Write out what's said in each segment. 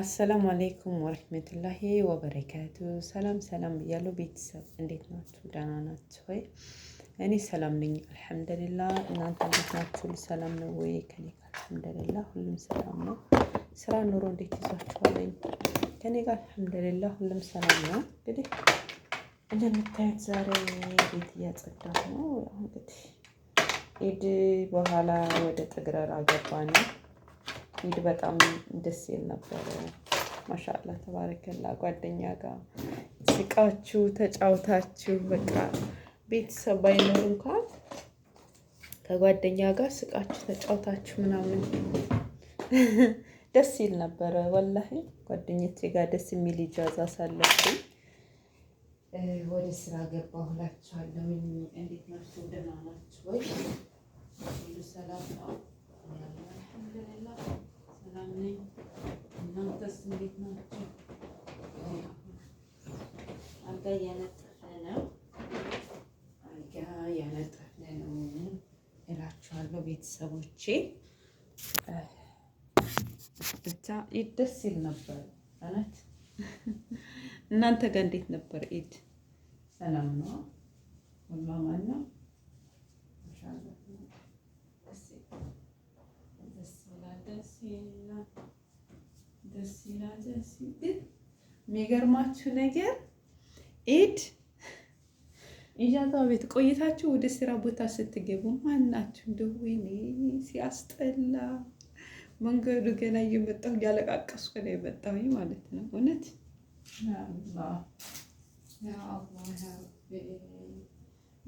አሰላሙ አሌይኩም ወረህመቱላሂ ወበረካቱ። ሰላም ሰላም እያለሁ ቤተሰብ እንዴት ናችሁ? ደህና ናችሁ ወይ? እኔ ሰላም ነኝ አልሐምዱሊላ። እናንተ እንዴት ናችሁ? ሰላም ነው ወይ? ከኔ ጋር አልሐምዱሊላ ሁሉም ሰላም ነው። ስራ ኑሮ እንዴት ይዟችኋለኝ? ከኔ ጋር አልሐምዱሊላ ሁሉም ሰላም ነው። እንግዲህ እንደምታዩት ዛሬ ቤት እያጸዳሁ ነው። እንግዲህ ኢድ በኋላ ወደ ጥግረር አገባ ነው ኢድ በጣም ደስ ይል ነበረ። ማሻላ ተባረከላ። ጓደኛ ጋር ስቃችሁ ተጫውታችሁ በቃ ቤተሰብ ባይኖር እንኳን ከጓደኛ ጋር ስቃችሁ ተጫውታችሁ ምናምን ደስ ይል ነበረ። ወላሂ ጓደኞቼ ጋር ደስ የሚል ኢጃዛ ሳለብኝ ወደ ስራ ገባ ሁላችኋለሁ። እንዴት ነው? ደህና ናችሁ ወይ? ሰላም ነው? እወዳችኋለሁ ቤተሰቦቼ። ብቻ ኢድ ደስ ይል ነበር እውነት። እናንተ ጋር እንዴት ነበር ኢድ? ሰላም ነው ሁላማን ነው ደስ ይላል። ደስ ይል የሚገርማችሁ ነገር ኢድ ኢጃዛ ቤት ቆይታችሁ ወደ ስራ ቦታ ስትገቡ ማናችሁ እንደ ወይኔ ሲያስጠላ መንገዱ ገና እየመጣሁ እያለቃቀስኩ ነው የመጣሁኝ ማለት ነው። እውነት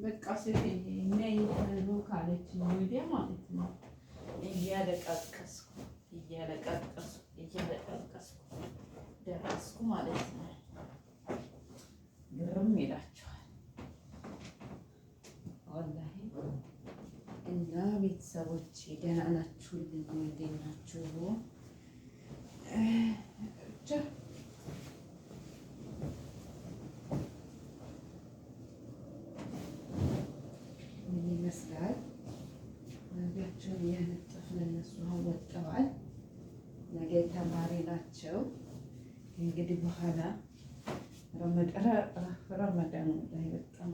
በቃ ወዲያ ማለት ነው እያለቃቀስኩ እያለቃቀስኩ እያለቃቀስኩ ደረስኩ ማለት ነው። ግርም ይላል። ቤተሰቦች ደህና ናችሁልኝ? እንዴት ናችሁ? ምን ይመስላል? መግቢያቸውን እያነጠፍን እነሱ ወጥተዋል። ነገ ተማሪ ናቸው። እንግዲህ በኋላ ረመዳን ላይ በጣም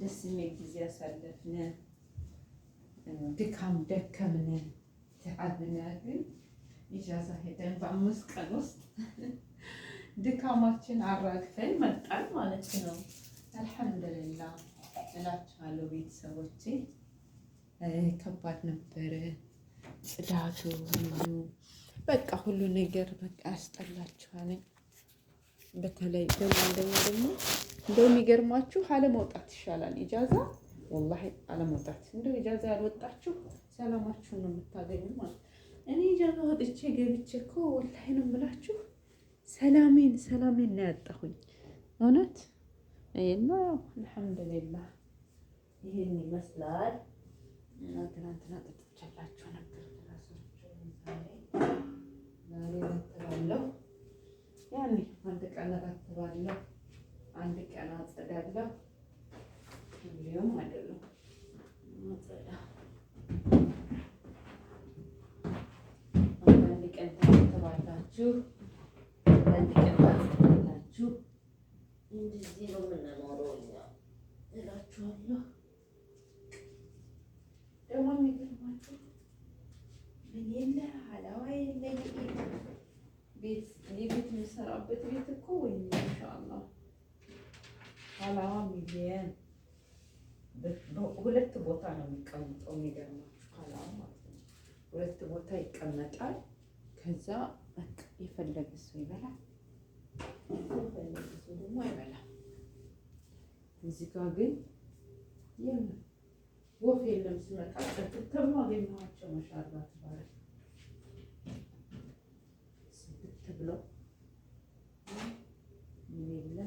ደስ የሚል ጊዜ ያሳለፍን፣ ድካም ደከምን፣ ተዓብን። ግን ኢጃዛ ሄደን በአምስት ቀን ውስጥ ድካማችን አራግፈን መጣን ማለት ነው። አልሐምዱሊላ እላችኋለሁ ቤተሰቦቼ። ከባድ ነበረ ጽዳቱ፣ በቃ ሁሉ ነገር በቃ ያስጠላችኋለኝ። በተለይ በአንደኛ ደግሞ እንደው የሚገርማችሁ አለመውጣት ይሻላል። ኢጃዛ ወላሂ አለመውጣት እንደው ኢጃዛ ያልወጣችሁ ሰላማችሁን ነው የምታገኙ ማለት እኔ ኢጃዛ ወጥቼ ገብቼ እኮ ወላሂ ነው የምላችሁ ሰላሜን ሰላሜን ነው ያጣሁኝ እውነት እና አልሐምዱሊላህ ይህን ይመስላል። እና ትናንትና ጠጥቻላችሁ ነበር ዛሬ ያኔ አንድ ቀን እረትባለሁ፣ አንድ ቀን አጸዳለሁ። ሁሌም አይደለም አጸዳ አንዳንድ ቀን ታረትባላችሁ፣ አንዳንድ ቀን ታጸዳላችሁ። እንደዚህ ነው የምንኖረው እኛ እላችኋለሁ። ደግሞ የሚገርማችሁ ምን የለ አላዋ የለ ቤት የምንሰራበት ቤት እኮ ወይ ኢንሻአላ አላዋ ሚሊየን ሁለት ቦታ ነው የሚቀምጠው። የሚገርማችሁ አላዋ ማለት ነው ሁለት ቦታ ይቀመጣል። ከዛ የፈለገ ሰው ይበላል፣ የፈለገ ሰው ደግሞ አይበላል። እዚህ ጋ ግን ወፍ የለም። ስመጣ ጸጥተው አገኘኋቸው። መሻላ ትባላል ብለው di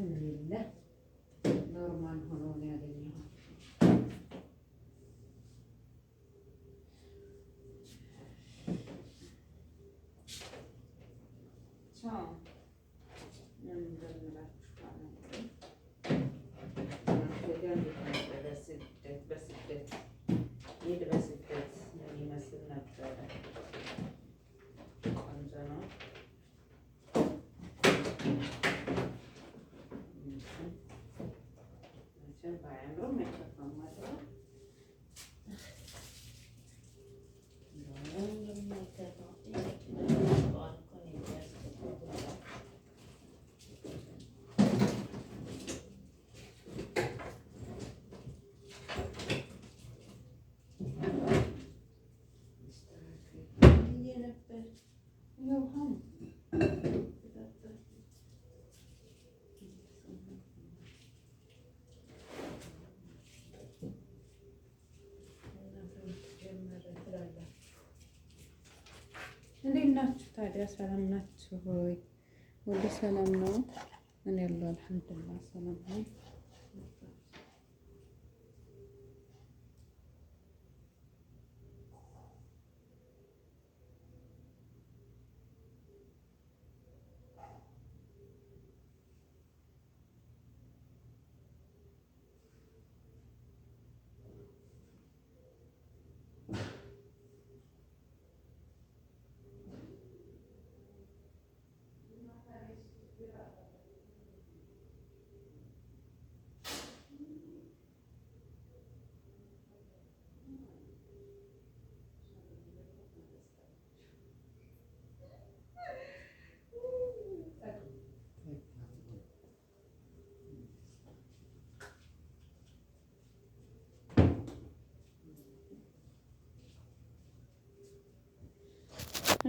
እንዴት ናችሁ? ታዲያ ሰላም ናችሁ ሆይ? ወደ ሰላም ነው ምን ያለው? አልሐምዱሊላህ ሰላም ነው።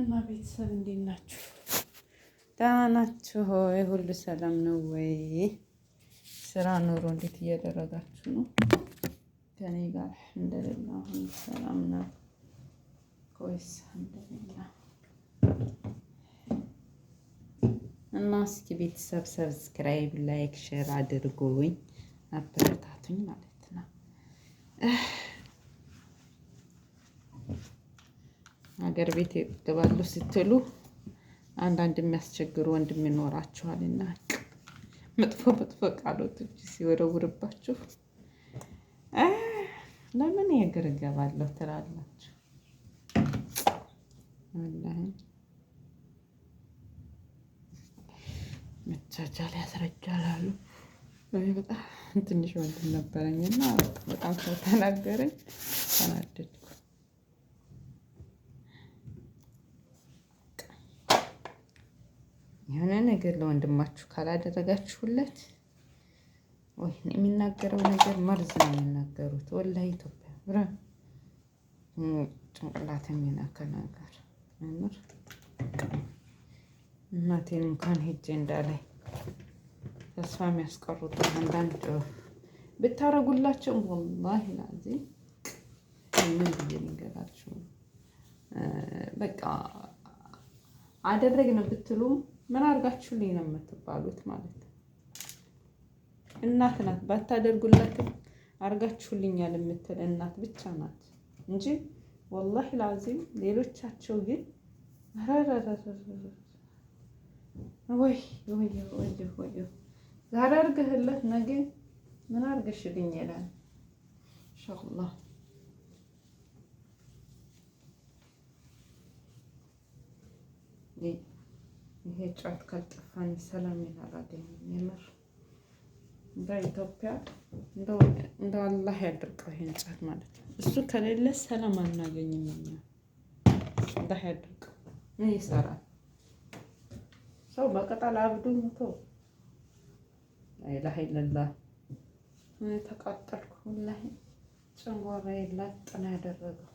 እና ቤተሰብ እንዴት ናችሁ? ደህና ናችሁ ሆይ? ሁሉ ሰላም ነው ወይ? ስራ ኑሮ እንዴት እያደረጋችሁ ነው? ከኔ ጋር አልሐምድሊላ ሁሉ ሰላም ነው። ኮይስ አልሐምድሊላ። እና እስኪ ቤተሰብ ሰብስክራይብ፣ ላይክ፣ ሼር አድርጉኝ አበረታቱኝ ማለት ነው። ሀገር ቤት ይገባሉ ስትሉ አንዳንድ የሚያስቸግሩ ወንድም እና መጥፎ መጥፎ ቃሎቶች ሲወረውርባችሁ ለምን የእግር እገባለሁ ትላላችሁ? መቻቻል ያስረጃላሉ። በጣም ትንሽ ወንድም ነበረኝና በጣም ሰው ተናገረኝ፣ ተናደድኩ። የሆነ ነገር ለወንድማችሁ ካላደረጋችሁለት ወይ የሚናገረው ነገር መርዝ ነው የሚናገሩት። ወላሂ ኢትዮጵያ ብረ ጭንቅላት የሚነካ ነገር ምር እናቴን እንኳን ሄጄ እንዳላይ ተስፋ የሚያስቀሩት አንዳንድ ብታረጉላቸው ወላሂ ላዚ ምን ብዬ ልንገራችሁ በቃ አደረግ ነው ብትሉም ምን አድርጋችሁልኝ ነው የምትባሉት ማለት እናት ናት ባታደርጉላትም አድርጋችሁልኛል የምትል እናት ብቻ ናት እንጂ ወላሂ ላዚም ሌሎቻቸው ግን ወይ ዛሬ አድርገህለት ነገ ምን አድርገሽልኝ ይላል። ኢንሻአላህ ይህ ይሄ ጫት ካልጠፋን ሰላም አላገኝም። የምር እንደ ኢትዮጵያ እንደ አላህ ያድርቀው ይሄን ጫት ማለት ነው። እሱ ከሌለ ሰላም አናገኝም። እኛ አላህ ያድርቀው። ምን ይሰራል ሰው በቅጠል አብዱ ሞቶ ላይላህ ይለላ ተቃጠልኩ። ወላሂ ጭንጓራ የላት ጥና ያደረገው